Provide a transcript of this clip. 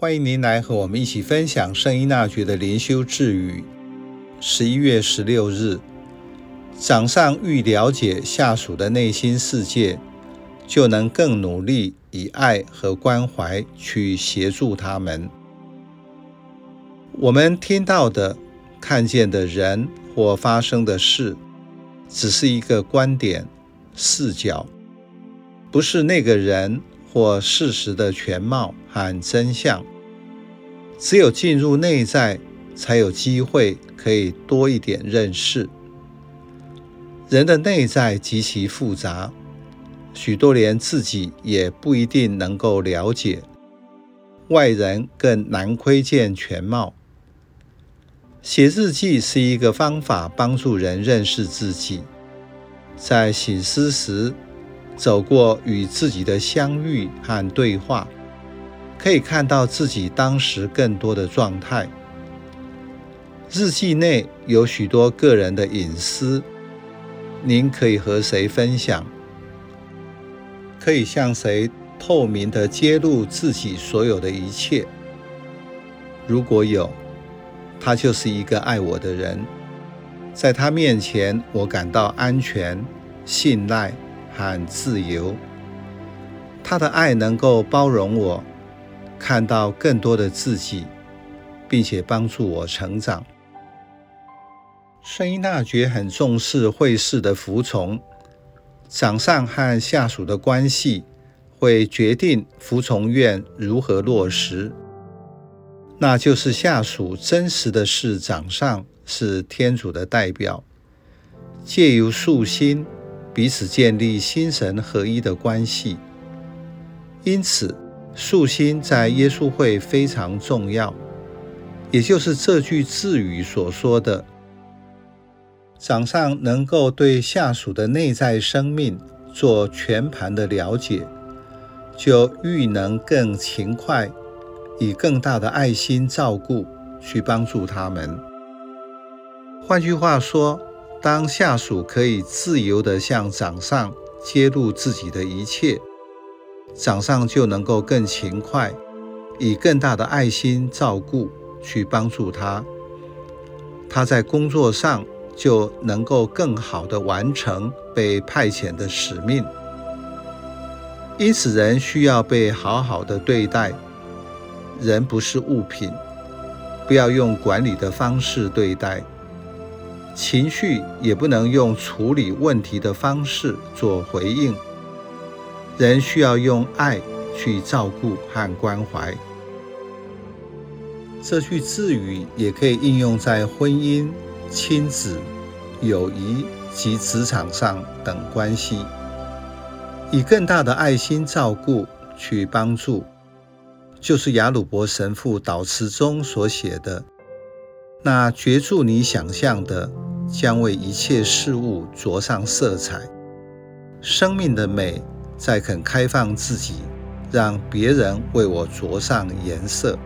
歡迎您來和我們一起分享聖依納爵的靈修智語。十一月十六日，長上愈了解下屬的內心世界，就能更努力以愛和關懷去協助他們。我們聽到的、看見的人或發生的事，只是一個觀點、視角，不是那個人或事實的全貌和真相。只有進入內在，才有機會可以多一點認識。人的內在極其複雜，許多連自己也不一定能夠了解，外人更難窺見全貌。寫日記是一個方法，幫助人認識自己，在省思時透過與自己的相遇和對話。可以看到自己當時更多的狀態。日記內有許多個人的隱私，您可以和誰分享？可以向誰透明地揭露自己所有的一切？如果有，他就是一個愛我的人，在他面前我感到安全、信賴、和自由。他的愛能夠包容我。看到更多的自己，並且幫助我成長。聖依納爵很重視會士的服從，長上和下屬的關係會決定服從願如何落實。那就是下屬真實的視長上是天主的代表，借由訴心彼此建立心神合一的關係，因此。訴心在耶穌會非常重要，也就是這句智語所說的：長上能夠對下屬的內在生命做全盤的了解，就愈能更勤快，以更大的愛心照顧去幫助他們。換句話說，當下屬可以自由地向長上揭露自己的一切。長上就能夠更勤快，以更大的愛心照顧去幫助他。他在工作上就能夠更好的完成被派遣的使命。因此，人需要被好好的對待。人不是物品，不要用管理的方式對待。情緒也不能用處理問題的方式做回應。人需要用愛去照顧和關懷。這句智語也可以應用在婚姻、親子、友誼及職場上等關係，以更大的愛心照顧去幫助。就是亞魯伯神父禱詞中所寫的：“那攫住你想象的，將為一切事物着上色彩，生命的美。”再肯開放自己，讓別人為我着上顏色。